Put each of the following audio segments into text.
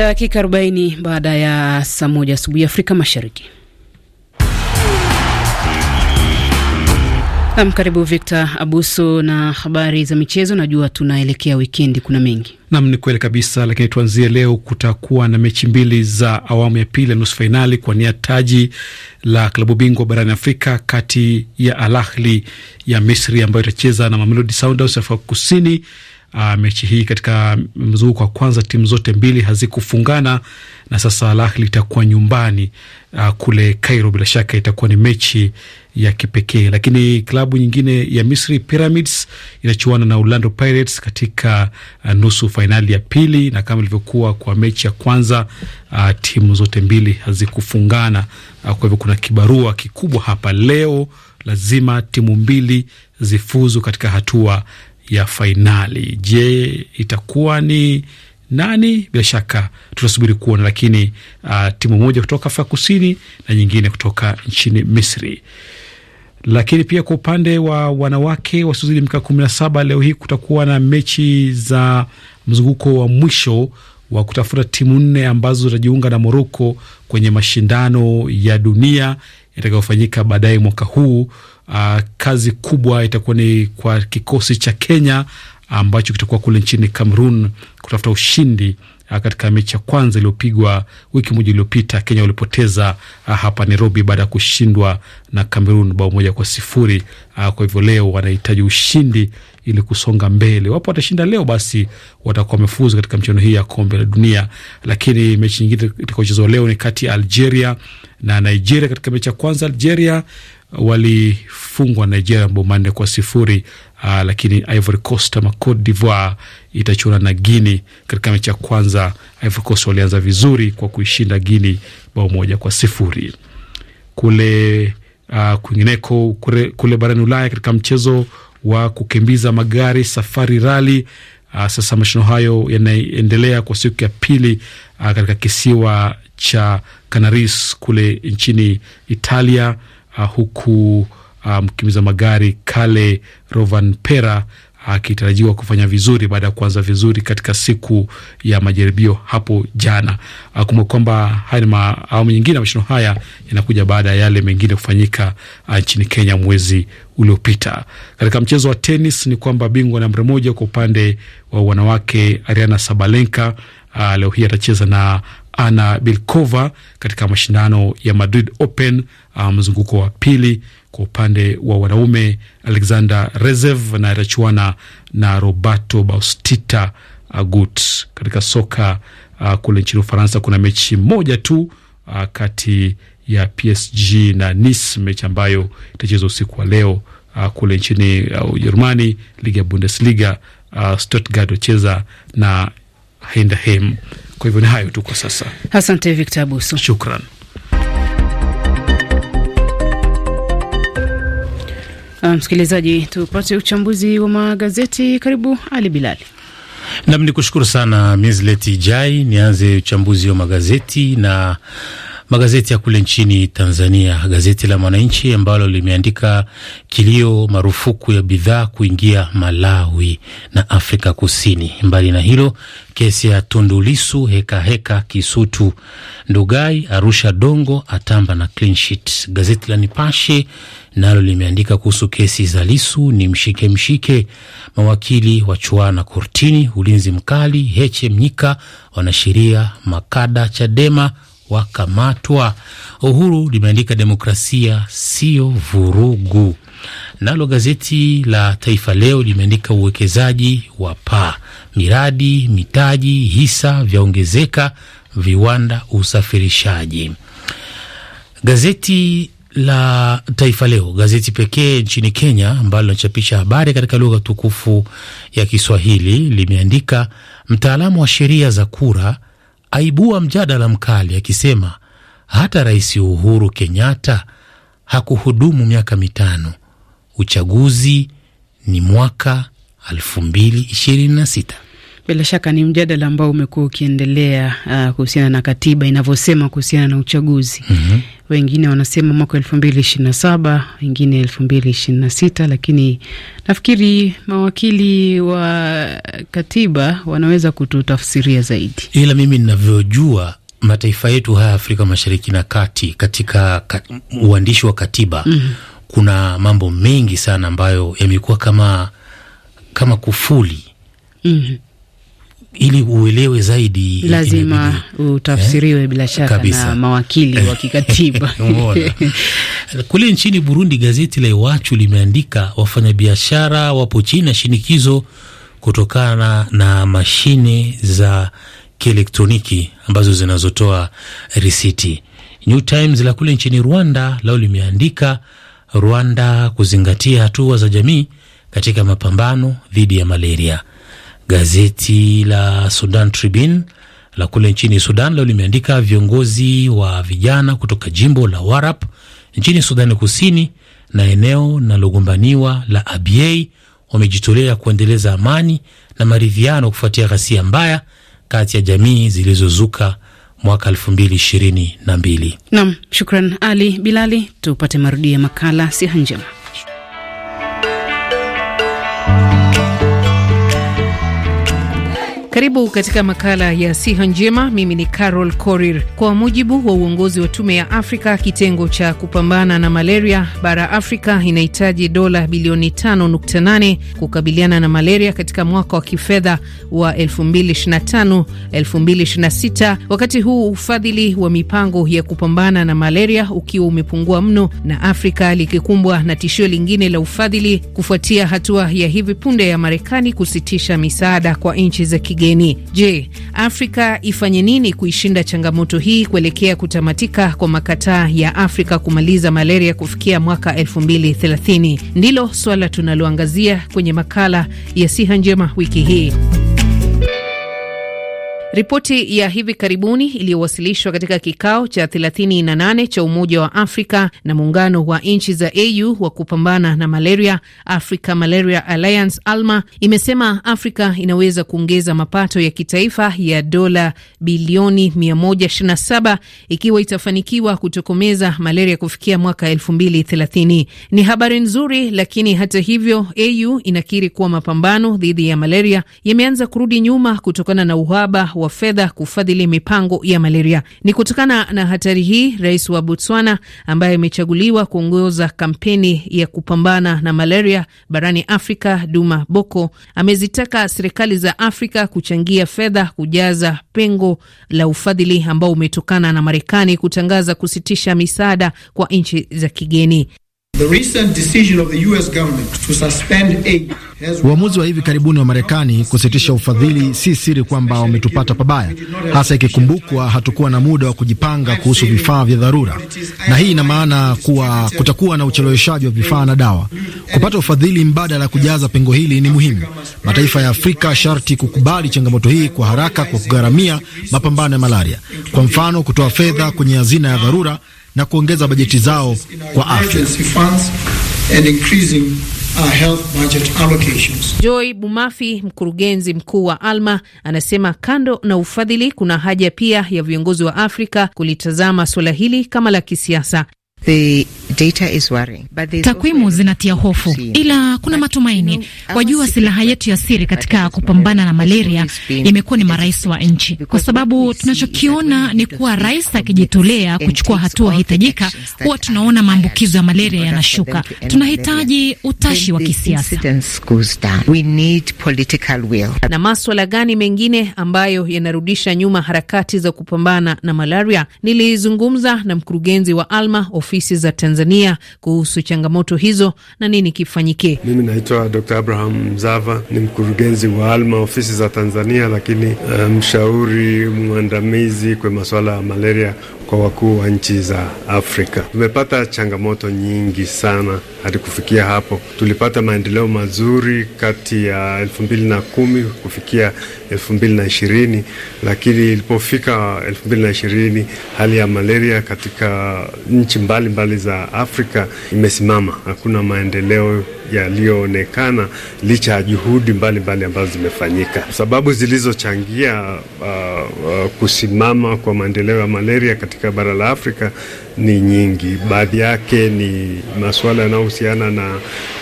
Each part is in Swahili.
Dakika 40 baada ya saa moja asubuhi Afrika Mashariki. Nam, karibu Victor Abuso na habari za michezo. Najua tunaelekea wikendi, kuna mengi nam. Ni kweli kabisa, lakini tuanzie leo. Kutakuwa na mechi mbili za awamu ya pili ya nusu fainali kwa nia taji la klabu bingwa barani Afrika kati ya Al Ahly ya Misri ambayo itacheza na Mamelodi Sundowns ya Afrika Kusini uh, mechi hii katika mzunguko wa kwanza timu zote mbili hazikufungana na sasa Al Ahly itakuwa nyumbani uh, kule Cairo. Bila shaka itakuwa ni mechi ya kipekee, lakini klabu nyingine ya Misri Pyramids inachuana na Orlando Pirates katika uh, nusu fainali ya pili, na kama ilivyokuwa kwa mechi ya kwanza uh, timu zote mbili hazikufungana uh, kwa hivyo kuna kibarua kikubwa hapa leo lazima timu mbili zifuzu katika hatua ya fainali. Je, itakuwa ni nani? Bila shaka tutasubiri kuona, lakini uh, timu moja kutoka Afrika Kusini na nyingine kutoka nchini Misri. Lakini pia kwa upande wa wanawake wasiozidi miaka kumi na saba, leo hii kutakuwa na mechi za mzunguko wa mwisho wa kutafuta timu nne ambazo zitajiunga na Moroko kwenye mashindano ya dunia itakayofanyika baadaye mwaka huu. Uh, kazi kubwa itakuwa ni kwa kikosi cha Kenya ambacho kitakuwa kule nchini Cameroon kutafuta ushindi uh, katika mechi ya kwanza iliyopigwa wiki moja iliyopita, Kenya walipoteza uh, hapa Nairobi baada ya kushindwa na Cameroon bao moja kwa sifuri. Uh, kwa hivyo leo wanahitaji ushindi ili kusonga mbele. Wapo watashinda leo, basi watakuwa wamefuzu katika mchuano hii ya kombe la dunia. Lakini mechi nyingine itakaochezwa leo ni kati ya Algeria na Nigeria. Katika mechi ya kwanza Algeria walifungwa Nigeria mabao manne kwa sifuri. Uh, lakini Ivory Coast ama Cote d'Ivoire itachuana na Guini katika mechi ya kwanza. Ivory Coast walianza vizuri kwa kuishinda Guini bao moja kwa sifuri. Kule uh, kwingineko kule, kule barani Ulaya katika mchezo wa kukimbiza magari Safari Rali. Uh, sasa mashindano hayo yanaendelea kwa siku ya pili uh, katika kisiwa cha Canaris kule nchini Italia, uh, huku mkimbiza um, magari Kale Rovanpera akitarajiwa kufanya vizuri baada ya kuanza vizuri katika siku ya majaribio hapo jana. Kumbuka kwamba haya ni awamu nyingine ya mashindano haya yanakuja baada ya yale mengine kufanyika uh, nchini Kenya mwezi uliopita. Katika mchezo wa tenis ni kwamba bingwa nambari moja kwa upande wa wanawake Ariana Sabalenka Uh, leo hii atacheza na Ana Bilkova katika mashindano ya Madrid Open uh, mzunguko wa pili kwa upande wa wanaume, Alexander Rezev na atachuana na Roberto Bautista Agut. Katika soka uh, kule nchini Ufaransa kuna mechi moja tu uh, kati ya PSG na Nice, mechi ambayo itachezwa usiku wa leo uh, kule nchini uh, Ujerumani. Uh, ligi ya Bundesliga uh, Stuttgart wacheza na Heidenheim. Kwa hivyo ni hayo tu kwa sasa. Asante Victor Buso, shukran. Ah, msikilizaji, tupate uchambuzi wa magazeti. Karibu Ali Bilali. Nam ni kushukuru sana Misleti Jai. Nianze uchambuzi wa magazeti na magazeti ya kule nchini Tanzania. Gazeti la Mwananchi ambalo limeandika kilio, marufuku ya bidhaa kuingia Malawi na Afrika Kusini. Mbali na hilo, kesi ya Tundulisu, heka heka Kisutu, Ndugai Arusha, Dongo atamba na clean sheet. Gazeti la Nipashe nalo limeandika kuhusu kesi za Lisu ni mshike mshike, mawakili chuana kortini, ulinzi mkali, Heche Mnyika, wanasheria makada Chadema wakamatwa. Uhuru limeandika demokrasia sio vurugu. Nalo gazeti la Taifa Leo limeandika uwekezaji wa paa, miradi, mitaji, hisa vyaongezeka, viwanda, usafirishaji. Gazeti la Taifa Leo, gazeti pekee nchini Kenya ambalo linachapisha habari katika lugha tukufu ya Kiswahili, limeandika mtaalamu wa sheria za kura aibua mjadala mkali akisema hata Rais Uhuru Kenyatta hakuhudumu miaka mitano. Uchaguzi ni mwaka 2026. Bila shaka ni mjadala ambao umekuwa ukiendelea uh, kuhusiana na katiba inavyosema kuhusiana na uchaguzi. mm -hmm. Wengine wanasema mwaka elfu mbili ishirini na saba wengine elfu mbili ishirini na sita lakini nafikiri mawakili wa katiba wanaweza kututafsiria zaidi, ila mimi ninavyojua mataifa yetu haya Afrika Mashariki na Kati, katika kat, uandishi wa katiba mm -hmm. kuna mambo mengi sana ambayo yamekuwa kama kama kufuli mm -hmm ili uelewe zaidi, lazima utafsiriwe eh, bila shaka kabisa, na mawakili wa kikatiba kule nchini Burundi, gazeti la Iwachu limeandika wafanyabiashara wapo chini ya shinikizo kutokana na mashine za kielektroniki ambazo zinazotoa risiti. New Times la kule nchini Rwanda lao limeandika Rwanda kuzingatia hatua za jamii katika mapambano dhidi ya malaria. Gazeti la Sudan Tribune la kule nchini Sudan leo limeandika viongozi wa vijana kutoka jimbo la Warap nchini Sudani Kusini na eneo linalogombaniwa la Abyei wamejitolea kuendeleza amani na maridhiano kufuatia ghasia mbaya kati ya jamii zilizozuka mwaka mbili. Naam, shukran Ali Bilali, tupate marudio ya makala siha njema. Karibu katika makala ya siha njema. Mimi ni Carol Korir. Kwa mujibu wa uongozi wa Tume ya Afrika, kitengo cha kupambana na malaria bara Afrika inahitaji dola bilioni 5.8 kukabiliana na malaria katika mwaka wa kifedha wa 2025 2026, wakati huu ufadhili wa mipango ya kupambana na malaria ukiwa umepungua mno na Afrika likikumbwa na tishio lingine la ufadhili kufuatia hatua ya hivi punde ya Marekani kusitisha misaada kwa nchi za kigeni. Je, Afrika ifanye nini kuishinda changamoto hii kuelekea kutamatika kwa makataa ya Afrika kumaliza malaria kufikia mwaka 2030? Ndilo swala tunaloangazia kwenye makala ya siha njema wiki hii. Ripoti ya hivi karibuni iliyowasilishwa katika kikao cha 38 cha Umoja wa Afrika na muungano wa nchi za AU wa kupambana na malaria, Africa Malaria Alliance ALMA, imesema Afrika inaweza kuongeza mapato ya kitaifa ya dola bilioni 127 ikiwa itafanikiwa kutokomeza malaria kufikia mwaka 2030. Ni habari nzuri, lakini hata hivyo AU inakiri kuwa mapambano dhidi ya malaria yameanza kurudi nyuma kutokana na uhaba wa fedha kufadhili mipango ya malaria. Ni kutokana na hatari hii, rais wa Botswana ambaye amechaguliwa kuongoza kampeni ya kupambana na malaria barani Afrika, Duma Boko, amezitaka serikali za Afrika kuchangia fedha kujaza pengo la ufadhili ambao umetokana na Marekani kutangaza kusitisha misaada kwa nchi za kigeni. Uamuzi wa hivi karibuni wa Marekani kusitisha ufadhili, si siri kwamba wametupata pabaya, hasa ikikumbukwa hatukuwa na muda wa kujipanga kuhusu vifaa vya dharura, na hii ina maana kuwa kutakuwa na ucheleweshaji wa vifaa na dawa. Kupata ufadhili mbadala kujaza pengo hili ni muhimu. Mataifa ya Afrika sharti kukubali changamoto hii kwa haraka kwa kugharamia mapambano ya malaria, kwa mfano kutoa fedha kwenye hazina ya dharura na kuongeza bajeti zao kwa afya. Uh, Joy Bumafi, mkurugenzi mkuu wa Alma, anasema kando na ufadhili, kuna haja pia ya viongozi wa Afrika kulitazama suala hili kama la kisiasa Takwimu zinatia hofu, ila kuna matumaini. Wajua, silaha yetu ya siri katika kupambana na malaria imekuwa ni marais wa nchi, kwa sababu tunachokiona ni kuwa rais akijitolea kuchukua hatua hitajika, huwa tunaona maambukizo ya malaria yanashuka. Tunahitaji utashi wa kisiasa. Na maswala gani mengine ambayo yanarudisha nyuma harakati za kupambana na malaria? Nilizungumza na mkurugenzi wa Alma of ofisi za Tanzania kuhusu changamoto hizo na nini kifanyike. Mimi naitwa Dr. Abraham Mzava, ni mkurugenzi wa ALMA ofisi za Tanzania, lakini eh, mshauri um, mwandamizi kwa masuala ya malaria kwa wakuu wa nchi za Afrika. Tumepata changamoto nyingi sana hadi kufikia hapo. Tulipata maendeleo mazuri kati ya elfu mbili na kumi kufikia elfu mbili na ishirini lakini ilipofika elfu mbili na ishirini hali ya malaria katika nchi mbalimbali mbali za Afrika imesimama, hakuna maendeleo yaliyoonekana licha ya juhudi mbalimbali ambazo zimefanyika. Sababu zilizochangia uh, uh, kusimama kwa maendeleo ya malaria katika bara la Afrika ni nyingi. Baadhi yake ni masuala yanayohusiana na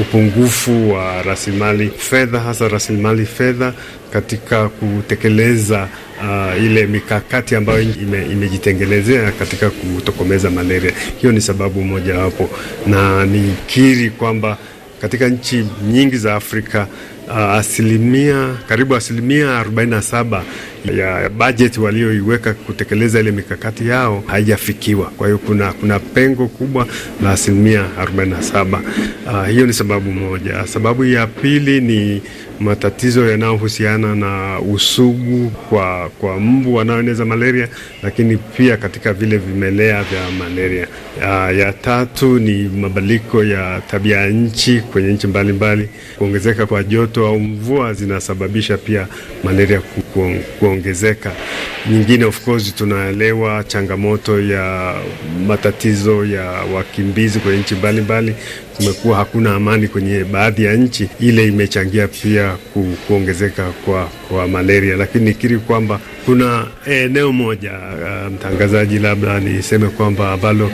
upungufu wa rasilimali fedha, hasa rasilimali fedha katika kutekeleza uh, ile mikakati ambayo ime, imejitengenezea katika kutokomeza malaria. Hiyo ni sababu mojawapo, na nikiri kwamba katika nchi nyingi za Afrika uh, asilimia karibu asilimia 47 ya bajeti walioiweka kutekeleza ile mikakati yao haijafikiwa. Kwa hiyo kuna, kuna pengo kubwa la asilimia 47. Uh, hiyo ni sababu moja. Sababu ya pili ni matatizo yanayohusiana na usugu kwa, kwa mbu wanaoeneza malaria, lakini pia katika vile vimelea vya malaria. Uh, ya tatu ni mabadiliko ya tabia ya nchi kwenye nchi mbalimbali, kuongezeka kwa joto kutoa mvua zinasababisha pia malaria kuongezeka. Nyingine, of course, tunaelewa changamoto ya matatizo ya wakimbizi kwenye nchi mbalimbali. Kumekuwa hakuna amani kwenye baadhi ya nchi, ile imechangia pia ku, kuongezeka kwa, kwa malaria, lakini nikiri kwamba kuna eneo eh, moja uh, mtangazaji, labda niseme kwamba ambalo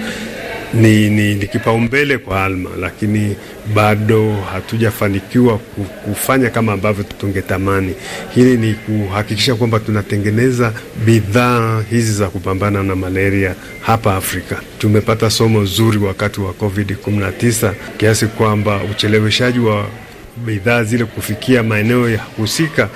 ni, ni, ni kipaumbele kwa Alma, lakini bado hatujafanikiwa kufanya kama ambavyo tungetamani. Hili ni kuhakikisha kwamba tunatengeneza bidhaa hizi za kupambana na malaria hapa Afrika. Tumepata somo zuri wakati wa COVID-19 kiasi kwamba ucheleweshaji wa bidhaa zile kufikia maeneo ya husika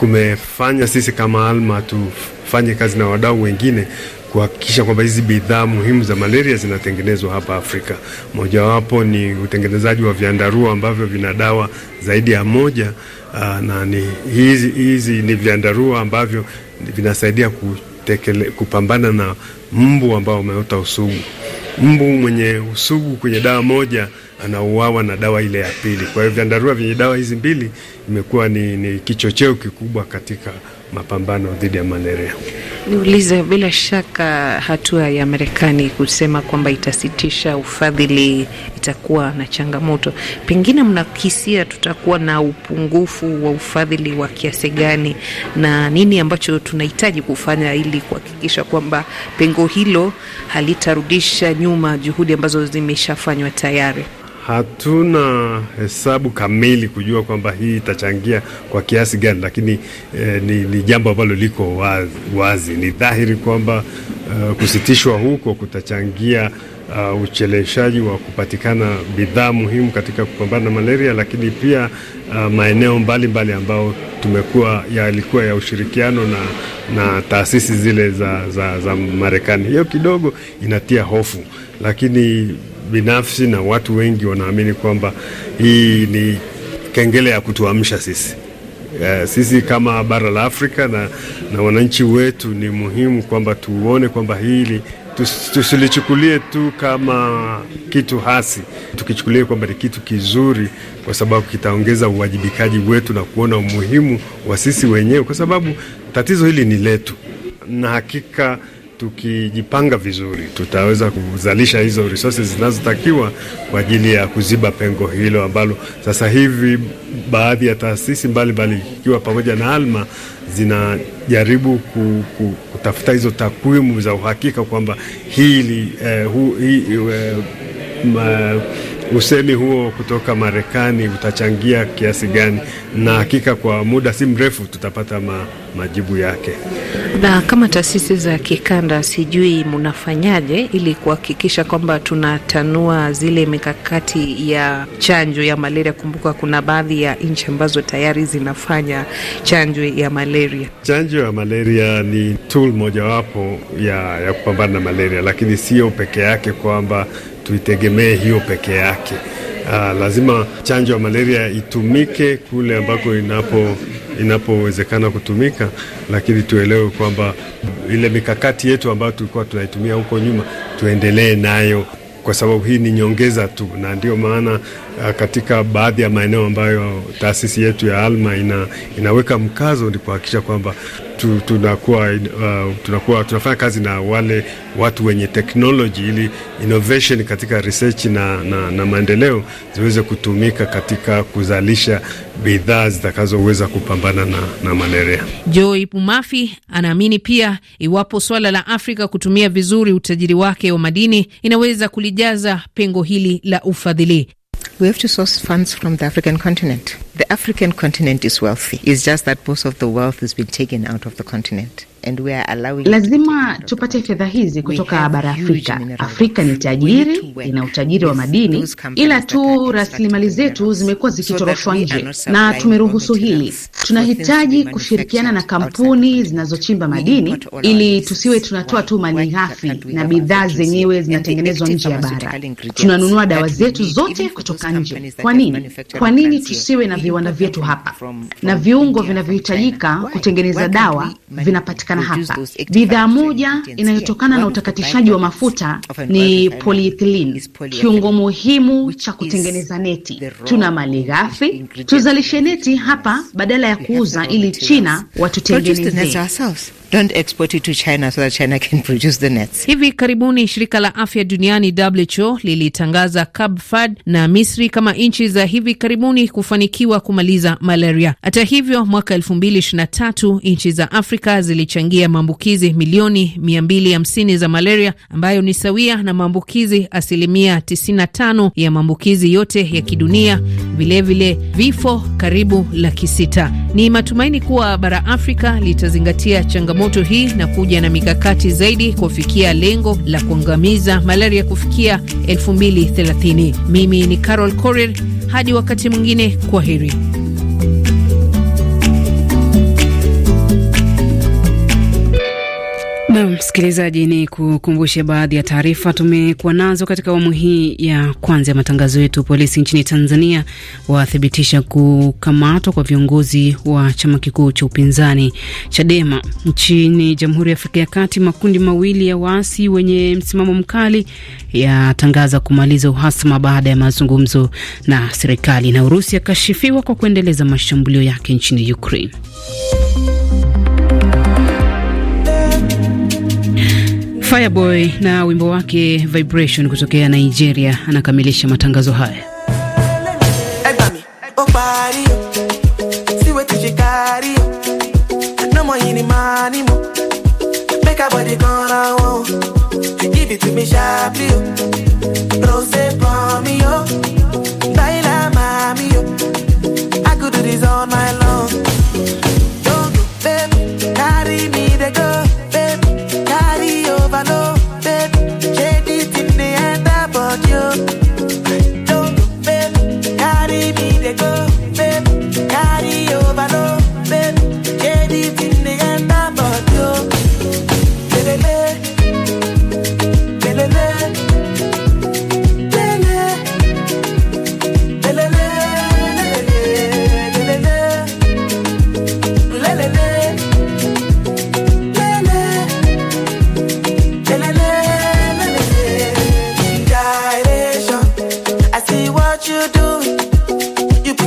kumefanya sisi kama Alma tufanye kazi na wadau wengine kuhakikisha kwamba hizi bidhaa muhimu za malaria zinatengenezwa hapa Afrika. Mojawapo ni utengenezaji wa vyandarua ambavyo vina dawa zaidi ya moja. Aa, ah, na ni hizi, hizi ni vyandarua ambavyo vinasaidia kutekele, kupambana na mbu ambao wameota usugu. Mbu mwenye usugu kwenye dawa moja anauawa na dawa ile ya pili. Kwa hiyo vyandarua vyenye dawa hizi mbili imekuwa ni, ni kichocheo kikubwa katika mapambano dhidi ya malaria. Niulize, bila shaka hatua ya Marekani kusema kwamba itasitisha ufadhili itakuwa na changamoto. Pengine mnakisia tutakuwa na upungufu wa ufadhili wa kiasi gani, na nini ambacho tunahitaji kufanya ili kuhakikisha kwamba pengo hilo halitarudisha nyuma juhudi ambazo zimeshafanywa tayari? hatuna hesabu kamili kujua kwamba hii itachangia kwa kiasi gani, lakini eh, ni, ni jambo ambalo liko wazi, wazi. Ni dhahiri kwamba uh, kusitishwa huko kutachangia uh, eh, ucheleshaji wa kupatikana bidhaa muhimu katika kupambana na malaria, lakini pia uh, maeneo mbalimbali ambayo tumekuwa yalikuwa ya ushirikiano na, na taasisi zile za, za, za Marekani. Hiyo kidogo inatia hofu, lakini binafsi na watu wengi wanaamini kwamba hii ni kengele ya kutuamsha sisi Uh, sisi kama bara la Afrika na, na wananchi wetu ni muhimu kwamba tuone kwamba hili tusilichukulie tu kama kitu hasi, tukichukulie kwamba ni kitu kizuri, kwa sababu kitaongeza uwajibikaji wetu na kuona umuhimu wa sisi wenyewe, kwa sababu tatizo hili ni letu na hakika tukijipanga vizuri, tutaweza kuzalisha hizo resources zinazotakiwa kwa ajili ya kuziba pengo hilo ambalo sasa hivi baadhi ya taasisi mbalimbali ikiwa pamoja na Alma zinajaribu kutafuta hizo takwimu za uhakika kwamba hili eh, hu, hi, eh, ma, usemi huo kutoka Marekani utachangia kiasi gani, na hakika kwa muda si mrefu tutapata ma, majibu yake. Na kama taasisi za kikanda, sijui mnafanyaje ili kuhakikisha kwamba tunatanua zile mikakati ya chanjo ya malaria? Kumbuka kuna baadhi ya nchi ambazo tayari zinafanya chanjo ya malaria. Chanjo ya malaria ni tool mojawapo ya, ya kupambana na malaria, lakini sio peke yake kwamba tuitegemee hiyo peke yake. Aa, ah, lazima chanjo ya malaria itumike kule ambako inapo inapowezekana kutumika, lakini tuelewe kwamba ile mikakati yetu ambayo tulikuwa tunaitumia huko nyuma tuendelee nayo, kwa sababu hii ni nyongeza tu, na ndio maana Eh, katika baadhi ya maeneo ambayo taasisi yetu ya Alma ina, inaweka mkazo ni kuhakikisha kwamba tu, tunakuwa, uh, tunakuwa tunafanya kazi na wale watu wenye teknoloji ili innovation katika research na, na, na maendeleo ziweze kutumika katika kuzalisha bidhaa zitakazoweza kupambana na, na malaria. Joy Pumafi anaamini pia iwapo swala la Afrika kutumia vizuri utajiri wake wa madini inaweza kulijaza pengo hili la ufadhili. We have to source funds from the African continent. The African continent is wealthy. It's just that most of the wealth has been taken out of the continent. And we are allowing lazima tupate fedha hizi kutoka bara Afrika. Afrika ni tajiri, ina utajiri wa madini, ila tu rasilimali zetu zimekuwa zikitoroshwa nje, na tumeruhusu hili. Tunahitaji kushirikiana na kampuni zinazochimba madini ili tusiwe tunatoa tu mali ghafi na bidhaa zenyewe zinatengenezwa nje ya bara. Tunanunua dawa zetu zote kutoka nje. Kwa nini? Kwa nini tusiwe na viwanda vyetu hapa, na viungo vinavyohitajika kutengeneza dawa vinapatikana hapa. Bidhaa moja inayotokana na utakatishaji wa mafuta ni polyethylene, kiungo muhimu cha kutengeneza neti. Tuna mali ghafi tuzalishe neti hapa badala ya kuuza, ili China watutengenezee don't export it to China so that China can produce the nets. Hivi karibuni shirika la afya duniani WHO lilitangaza Cab na Misri kama nchi za hivi karibuni kufanikiwa kumaliza malaria. Hata hivyo, mwaka 2023 nchi za Afrika zilichangia maambukizi milioni 250 za malaria ambayo ni sawia na maambukizi asilimia 95 ya maambukizi yote ya kidunia, vilevile vifo karibu laki sita. Ni matumaini kuwa bara Afrika litazingatia changamoto changamoto hii na kuja na mikakati zaidi kufikia lengo la kuangamiza malaria kufikia 2030. Mimi ni Carol Corel, hadi wakati mwingine, kwa heri. Nam msikilizaji, ni kukumbushe baadhi ya taarifa tumekuwa nazo katika awamu hii ya kwanza ya matangazo yetu. Polisi nchini Tanzania wathibitisha kukamatwa kwa viongozi wa chama kikuu cha upinzani Chadema. Nchini Jamhuri ya Afrika ya Kati, makundi mawili ya waasi wenye msimamo mkali yatangaza kumaliza uhasama baada ya mazungumzo na serikali. Na Urusi akashifiwa kwa kuendeleza mashambulio yake nchini Ukraine. Fireboy na wimbo wake Vibration kutokea Nigeria anakamilisha matangazo haya.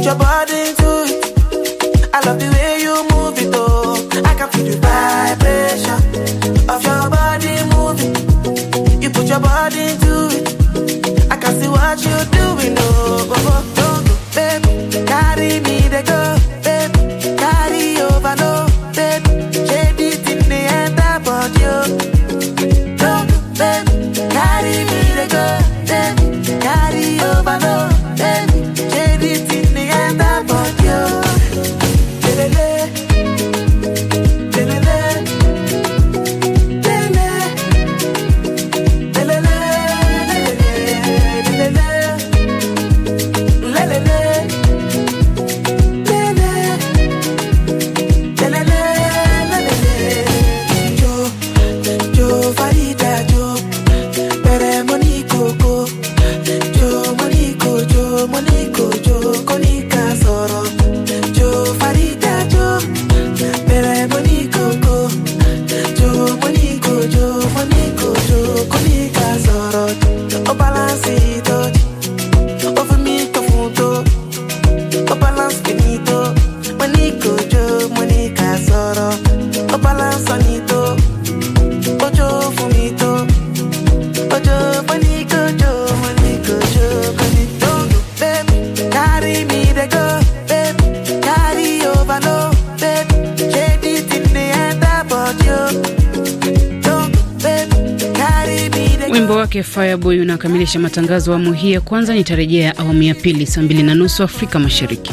Put your body into it. I love the way you move it, though I can feel the vibration of your body moving. You put your body into yake Fireboy unakamilisha matangazo awamu hii ya kwanza. Nitarejea awamu ya pili saa mbili na nusu Afrika Mashariki.